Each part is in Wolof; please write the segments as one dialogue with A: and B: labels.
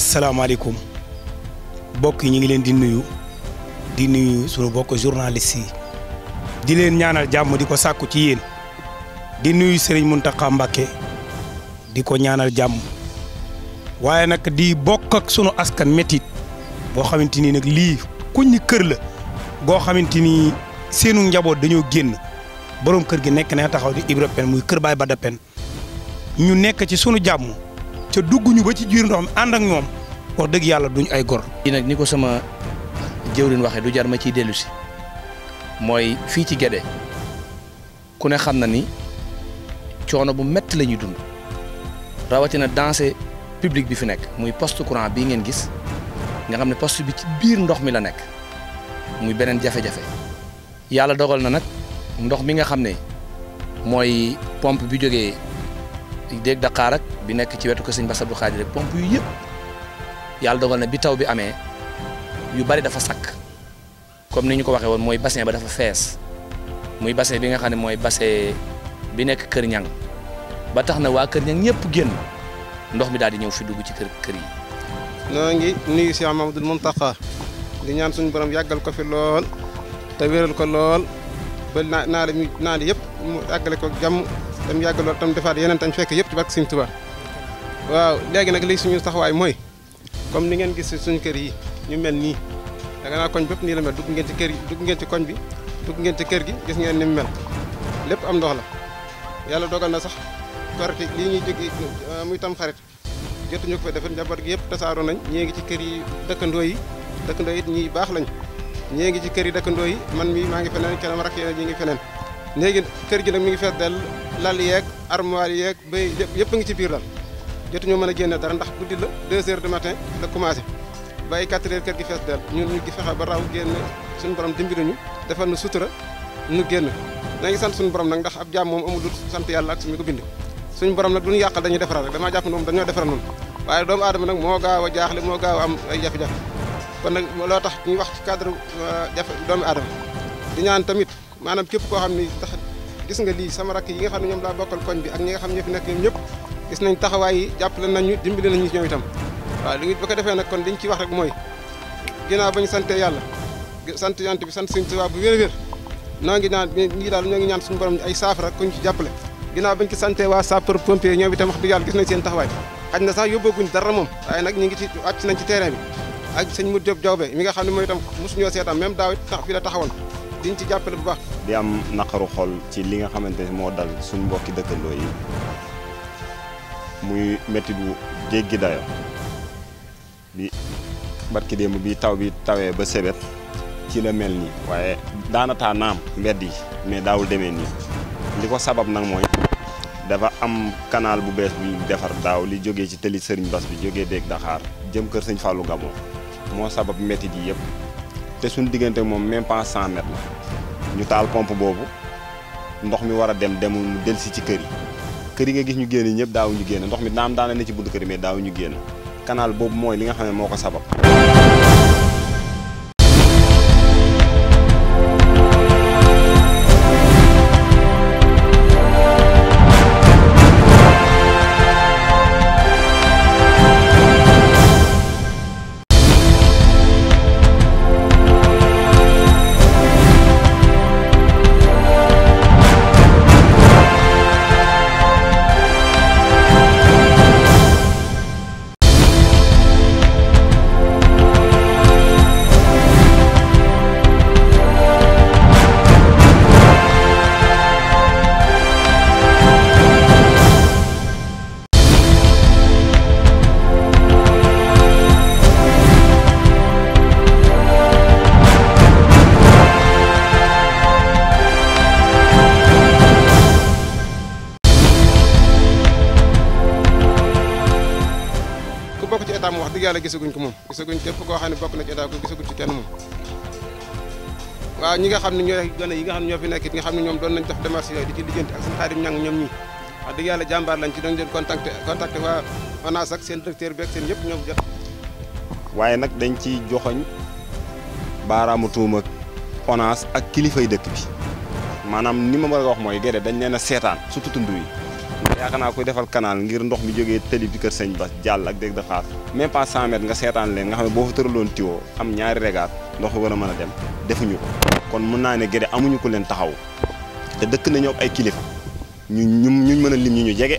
A: asalaamaaleykum bokk yi ñu ngi leen di nuyu di nuyu sunu bokk journaliste di leen ñaanal jàmm di ko sàkku ci yéen di nuyu Serigne Mountakha Mbacké di ko ñaanal jàmm waaye nag di bokk ak sunu askan metit boo xamante ni nag lii kuñ ni kër la goo xamante ni seenu njaboot dañoo génn borom kër gi nekk na taxaw di Ibra muy kër Baay Bada Pen ñu nekk ci sunu jàmm. ca dugguñu ba ci biir ndox mi ànd ak ñoom wax dëgg yàlla duñ ay gor. fii nag ni ko sama jëwriñ waxe du jar ma ciy dellu si
B: mooy fii ci Guédé ku ne xam na ni coono bu métti la ñuy dund rawatina danse public bi fi nekk muy post courant bii ngeen gis nga xam ne post bi biir ndox mi la nekk muy beneen jafe-jafe yàlla dogal na nag ndox mi nga xam ne mooy pomp bi jógee. déeg Dakar ak bi nekk ci wetu ko sëñ Bass bu Khadre rek pompe yu yëpp yàlla dogal na bi taw bi amee yu bari dafa sakk comme ni ñu ko waxee woon mooy bassin ba dafa fees muy bassin bi nga xam ne mooy bassin bi nekk Kër Ñang ba tax na waa Kër Ñang ñëpp génn ndox mi daal di ñëw fi dugg ci kër kër yi.
C: noo ngi nuyu Cheikh Mamadou Mountakha di ñaan suñu borom yàggal ko fi lool te ko lool ba naa naa yëpp mu àggale ko jàmm. tam yàgg lool tam defaat yeneen tam fekk yëpp ci barke Sëriñ Tuubaa waaw léegi nag li suñu taxawaay mooy comme ni ngeen gis si suñu kër yi ñu mel nii daga naa koñ bépp nii la mel dugg ngeen ci kër yi dugg ngeen ci koñ bi dugg ngeen ci kër gi gis ngeen ni mu lépp am la yàlla dogal na sax korite lii ñuy jóg euh, muy tam xarit jotuñu ko fa defar njaboot gi yëpp tasaaroo nañ ñii ngi ci kër yi dëkkandoo yi dëkkandoo yi ñii baax lañ ñii ngi ci kër yi dëkkandoo yi man mii maa ngi feneen keneen rakk yeneen ngi feneen léegi kër gi nag mi ngi fees dell lal yeeg armoire yeeg béy yëpp a ngi ci biir daal jotuñu mën a génne dara ndax guddi la 2 heures du matin la commencé bàyyi 4 heures kër gi fees dell ñun ñu gi fexe ba raw génn suñu borom dimbali ñu defal nu sutura nu génn dañuy sant suñu borom nag ndax ab jaam moom amul lu sant yàlla ak suñu ko bind suñu borom nag duñu yàqal dañuy defara rek damaa jàpp moom dañoo defaral noonu waaye doomu aadama nag moo gaaw a jaaxle moo gaaw am ay jafe-jafe kon nag loo tax ñu wax ci cadre euh, jafe doomu aadama di ñaan tamit gis nga lii sama rakk yi nga xam ne ñoom laa bokkal koñ bi ak ñi nga fi nekk ñëpp gis nañ taxawaay yi jàppale nañu dimbali nañu ñoom itam waaw li ba ko defee nag kon liñ ci wax rek mooy ginnaaw ba ñu sante yàlla sant yant bi sant suñu Tuubaa bu wér wér noo ngi naan ñii daal ñoo ngi ñaan suñu borom ay saafara kuñ ci jàppale ginnaaw bañ ci sante waa sapeur pompier ñoom itam wax dëgg yàlla gis nañ seen taxawaay xaj na sax yóbbaguñ dara moom waaye nag ñu ngi ci wàcc ci terrain bi ak sëñ mu Jóob Jawbe mi nga xam ne mooy itam mosuñoo seetaan même daaw it fi la taxawoon diñ ci jàppale bu baax.
D: di am naqaru xol ci li nga xamante ni moo dal suñu mbokki dëkkandoo yi muy métti bu jéggi dayo bi barki démb bi taw bi tawee ba sebet ci la mel nii waaye daanataa naam mbedd yi mais daawul deme nii li ko sabab nag mooy dafa am canal bu bees bu defar daaw li jóge ci tëli Sëriñ Bas bi jóge Dégg Daxaar jëm kër Sëñ Fallou Gamo moo sabab mettit yi yëpp. te suñu diggante moom même pas cent mètres la ñu taal pompe boobu ndox mi war a dem demul mu del si ci kër yi yi nga gis ñu génn ñëpp daaw ñu génn ndox mi naam daana ne ci buntu kër yi mais daaw ñu génn canal boobu mooy li nga xam ne moo ko sabab
C: yàlla gisaguñ ko moom gisaguñ képp koo xam ne bokk na ci état ko ñi nga xam ne ñooy gën yi nga xam ne ñoo fi nekk nga xam ne ñoom doon nañ def démarche yooyu di ci lijjanti ak jàmbaar lañ ci dañ leen contacté contacté waa ONAS ak seen directeur bi ak seen yëpp ñoom jot
D: waaye nag dañ ci joxoñ baaraamu tuuma ONAS ak kilifay dëkk bi maanaam ni ma war a wax mooy gerte dañ leen a seetaan surtout tund yaakaar naa koy defal canal ngir ndox mi jógee tëli bi kër sëñ Bass jàll ak dégg da xaar même pas 100 mètres nga seetaan leen nga xam ne boo fa tëraloon tiwo am ñaari regaat ndox war a mën a dem defuñu ko kon mën naa ne Guédé amuñu ko leen taxaw te dëkk na ñoom ay kilifa ñu ñu ñu mën a lim ñu ñu jege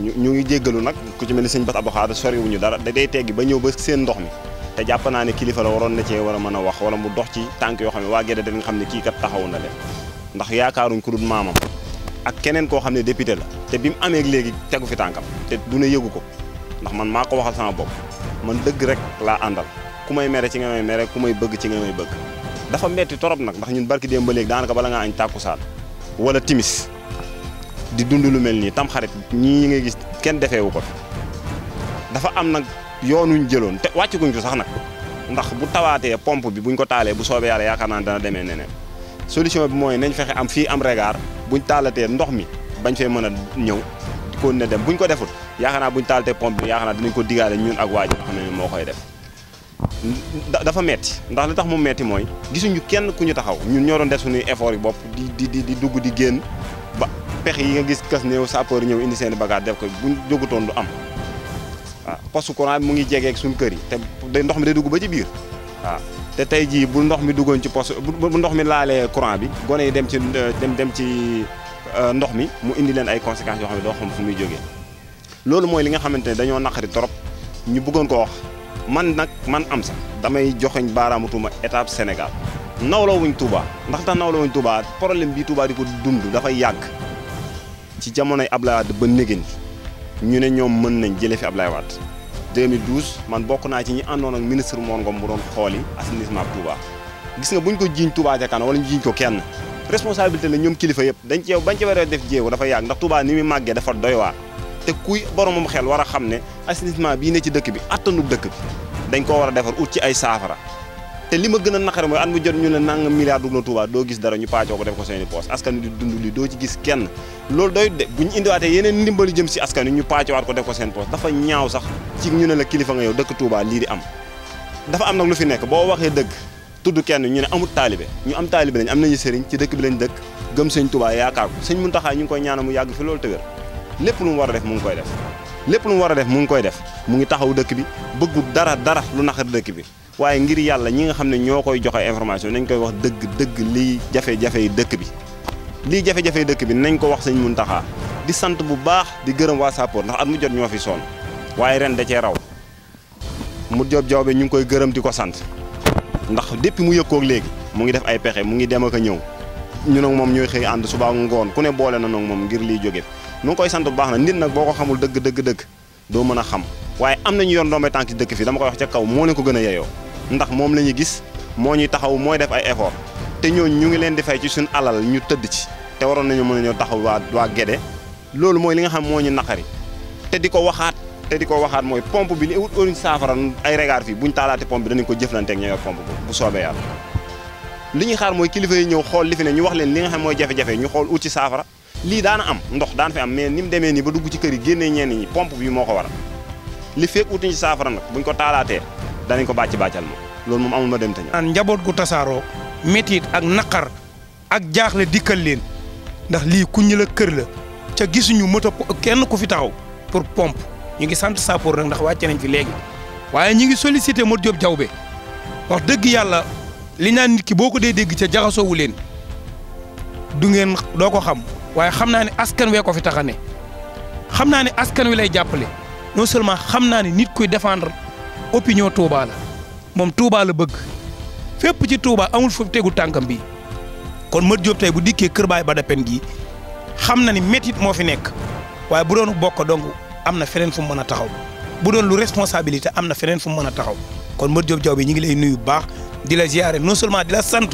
D: ñu ñu ngi jéggalu nag ku ci mel ni sëñ Bass Abdou Khadre soriwuñu dara da day teggi ba ñëw ba seen ndox mi te jàpp naa ne kilifa la waroon na cee war a mën a wax wala mu dox ci tànk yoo xam ne waa Guédé dañ xam ne kii kat taxaw na leen ndax yaakaaruñ ku dul maamam ak keneen koo xam ne député la te bi mu amee léegi tegu fi tànkam te du ne yëgu ko ndax man maa ko waxal sama bopp man dëgg rek laa àndal ku may mere ci nga may mere ku may bëgg ci nga bëgg dafa metti torop nag ndax ñun barki démb ba léegi daanaka bala ngaa añ tàkkusaan wala timis di dund lu mel nii tam xarit ñii ñi ngay gis kenn defeewu ko dafa am nag ñu jëloon te wàccuguñ ko sax nag ndax bu tawaatee pomp bi buñ ko taalee bu soobee yàlla yaakaar naa dana demee neneen solution bi mooy nañ fexe am fii am regard bu ñu taalatee ndox mi bañ fee mën a ñëw kon ne dem bu buñ ko deful yaakaar naa buñ taalatee pompe bi yaakaar naa dinañ ko digaale ñun ak waa ji nga xam ne moo koy def dafa metti ndax li tax mu metti mooy gisuñu kenn ku ñu taxaw ñun ñoo doon def suñuy effort yi bopp di di di dugg di génn ba pex yi nga gis kas néew sapeur ñëw indi seen i bagage def ko buñ jógutoon du am waaw ah, poste courant bi mu ngi jegeeg suñu kër yi te ndox mi day dugg ba ci biir waaw ah. te tey jii bu ndox mi duggoon ci poste bu ndox mi laalee courant bi gone yi dem ci dem dem ci euh, ndox mi mu indi leen ay conséquences yoo xam ne doo xam fu muy jógee loolu mooy li nga xamante ne dañoo naqari trop ñu bëggoon ko wax man nag man am sax damay joxeñ baaraamu tuuma étape Sénégal nawlawuñ Touba ndax tax wuñ Touba problème bi Touba di ko dund dafay yàgg ci jamonoy Abdoulaye Wade ba négéen ñu ne ñoom mën nañ jëlee fi Abdoulaye Wade 2012 man bokk naa ci ñi àndoon ak ministre Mor Ngom bu doon xooli assainissement Touba gis nga buñ ko jiiñ Touba ca kanam wala ñu jiiñ ko kenn responsabilité la ñoom kilifa yëpp dañ ci yow bañ ci waree def jéego dafa yàgg ndax Touba ni muy màggee dafa doy waar te kuy boromam xel war a xam ne assainissement bii ne ci dëkk bi attanul dëkk bi dañ koo war a defar ut ci ay saafara te li ma gën a naqare mooy at mu jot ñu ne nangam milliard dugg na Touba doo gis dara ñu paacoo ko def ko seeni poos askan wi di dund doo ci gis kenn loolu doy de bu ñu indiwaatee yeneen ndimbali jëm si askan wi ñu paacowaat ko def ko seen poos dafa ñaaw sax ci ñu ne la kilifa nga yow dëkk Touba lii di am dafa am nag lu fi nekk boo waxee dëgg tudd kenn ñu ne amul taalibe ñu am taalibe lañ am nañu sëriñ ci dëkk bi lañ dëkk gëm sëñ Touba yaakaar ko sëñ ñu ngi koy ñaanal mu yàgg fi loolu tëwér lépp lu mu war a def mu ngi koy def lépp lu war a def mu ngi koy def mu ngi taxaw dëkk bi bëggul dara dara lu naqar dëkk bi waaye ngir yàlla ñi nga xam ne ñoo koy joxe information nañ koy wax dëgg dëgg lii jafe-jafe yi dëkk bi lii jafe-jafe dëkk bi nañ ko wax sañ mun taxaa di sant bu baax di gërëm waa Sapeur ndax at mu jot ñoo fi sol waaye ren da cee raw mu job jawbe ñu ngi koy gërëm di ko sant ndax depuis mu yëkkoog léegi mu ngi def ay pexe mu ngi dem ak a ñëw ñu nag moom ñooy xëy ànd subaa ngoon ku ne boole na nag moom ngir liy jóge nu ngi koy sant bu baax na nit nag boo ko xamul dëgg dëgg dëgg doo mën a xam waaye am nañu yor ndombay tànk dëkk fi dama koy wax ca kaw moo leen ko gën a yeyoo ndax moom la ñu gis moo ñuy taxaw mooy def ay effort te ñooñu ñu ngi leen di fay ci suñu alal ñu tëdd ci te waroon nañu mën a ñoo taxaw waa waa loolu mooy li nga xam moo ñu naqari te di ko waxaat te di ko waxaat mooy pompe bi li wut oruñ saafara ay regard bu buñ taalaate pompe bi danañ ko jëflanteeg ñoo yor pompe bu soobee yàlla li ñu xaar mooy kilifa yi ñëw xool li fi ne ñu wax leen li nga xam mooy jafe-jafe ñu xool ut ci saafara lii daana am ndox daan fi am mais ni mu demee nii ba dugg ci kër yi génnee ñenn ñi pompe bi moo ko waral li fekk utuñ ci saafara nag buñ ko taalaatee
A: danañ ko bàcc bàccal ma loolu moom amul ma dem te ñëw. njaboot gu tasaaroo métit ak naqar ak jaaxle dikkal leen ndax lii kuñ la kër la ca gisuñu moto kenn ku fi taxaw pour pompe ñu ngi sant sapeur nag ndax wàcce nañ fi léegi waaye ñu ngi sollicité Modou Diop Diaobé wax dëgg yàlla li ñaan nit ki boo ko dee dégg ca jaxasoowu leen du ngeen doo ko xam waaye xam naa ne askan wee ko fi taxane xam naa ne askan wi lay jàppale non seulement xam naa ne nit kuy défendre. opinion Touba la moom Touba la bëgg fépp ci Touba amul foofu tegu tànkam bi kon Mat Diop tey bu dikkee Kër Baay Bada Pen gii xam na ni métit moo fi nekk waaye bu doon bokk dong am na feneen fu mu mën a taxaw bu doon lu responsabilité am na feneen fu mu mën a taxaw kon Mat Diop Diaw bi ñu ngi lay nuyu bu baax di la ziare non seulement di la sant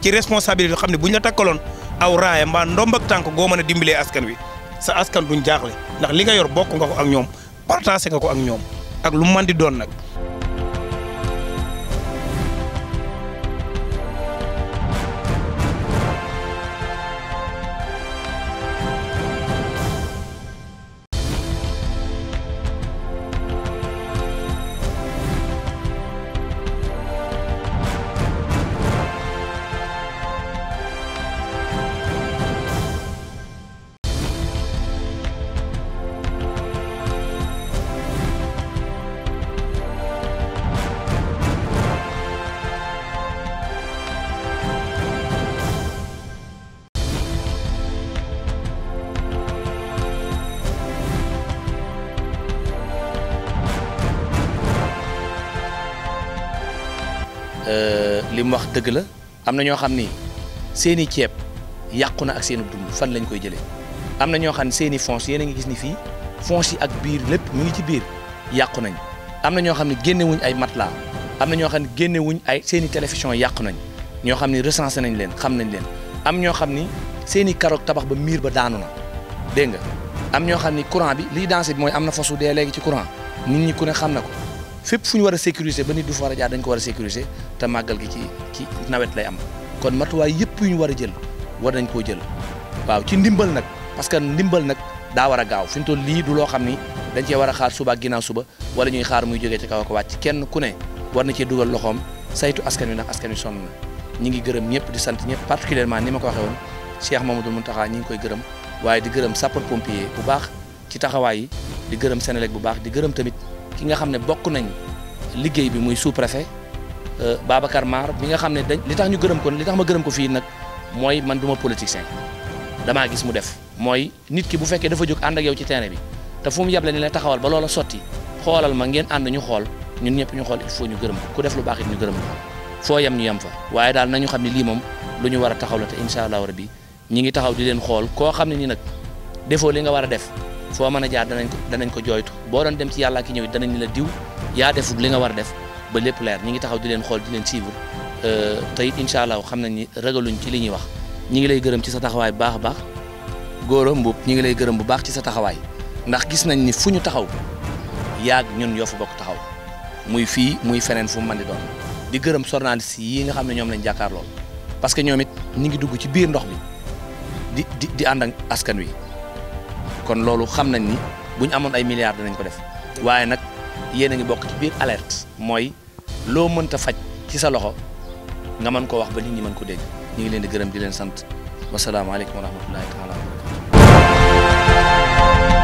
A: ci responsabilité xam ne bu ñu takkaloon aw raaya mbaa ndomb ak tànk goo mën a dimbalee askan wi sa askan duñ jaaxle ndax li nga yor bokk nga ko ak ñoom partagé nga ko ak ñoom ak lu mën di doon nag
B: mu wax dëgg la am na ñoo xam ni seeni ceeb yàqu na ak seeni dund fan lañ koy jëlee am na ñoo xam ne seeni fonce yéen a ngi gis ni fii fonce yi ak biir lépp mu ngi ci biir yàqu nañ am na ñoo xam ne génnewuñ ay matelas am na ñoo xam ne génnewuñ ay seeni télévision yàqu nañ ñoo xam ne recensé nañ leen xam nañ leen am ñoo xam ni seeni karoog tabax ba miir ba daanu na dégg nga am ñoo xam ni courant bi lii dansé bi mooy am na fosu dee léegi ci courant nit ku ne xam na ko fépp fu ñu war a sécuriser ba nit du fa war a jaar dañ ko war a sécuriser te màggal gi ci ci nawet lay am kon matuwaay yëpp yu ñu war a jël war nañ koo jël waaw ci ndimbal nag parce que ndimbal nag daa war a gaaw fu ñu toll lii du loo xam ni dañ cee war a xaar suba ak suba wala ñuy xaar muy jógee ci kaw ak wàcc kenn ku ne war na cee dugal loxoom saytu askan wi ndax askan wi sonn na ñi ngi gërëm ñëpp di sant ñëpp particulièrement ni ma ko waxee woon Cheikh Mamadou Mountakha ñu ngi koy gërëm waaye di gërëm sapeur pompier bu baax ci taxawaay yi di gërëm Senelec bu baax di gërëm tamit ki nga xam ne bokk nañ liggéey bi muy sous-préfet euh, Babacar Mar bi nga xam ne dañ li tax ñu gërëm ko li tax ma gërëm ko fii nag mooy man du ma politicien damaa gis mu def mooy nit ki bu fekkee dafa jóg ànd ak yow ci terrain bi te fu mu yable ni la taxawal ba loola sotti xoolal ma ngeen ànd ñu xool ñun ñëpp ñu xool il ñu gërëm ko ku def lu baax it ñu gërëm ko foo yem ñu yem fa waaye daal nañu xam ne lii moom lu ñu war a taxaw la te incha allahu rabi taxaw di leen xool koo xam ne ni nag defoo li nga war a def foo mën a jaar danañ ko danañ ko jooytu boo doon dem ci yàllaa ki ñëw danañ la diw yaa defut li nga war a def ba lépp leer ñi ngi taxaw di leen xool di leen suivre euh, te it allah xam nañ ni ragaluñ ci li ñuy wax ñi ngi lay gërëm ci sa taxawaay bu baax a baax góoram mbub ñi ngi lay gërëm bu baax ci sa taxawaay ndax gis nañ ni fu ñu taxaw yaag ñun yoo fa bokk taxaw muy fii muy feneen fu mu di doon di gërëm journaliste yii nga xam ne ñoom lañ jàkkaar lool parce que ñoom it ñi ngi dugg ci biir ndox bi di di di ànd ak askan wi kon loolu xam nañ ni buñ amoon ay milliarde danañ ko def waaye nag yéen a ngi bokk ci biir alerte mooy loo mënta faj ci sa loxo nga mën koo wax ba nit ñi mën ko dégg ñu ngi leen di gërëm di leen sant wasalaamaaleykum wa rahmatullahi taala wa barakatu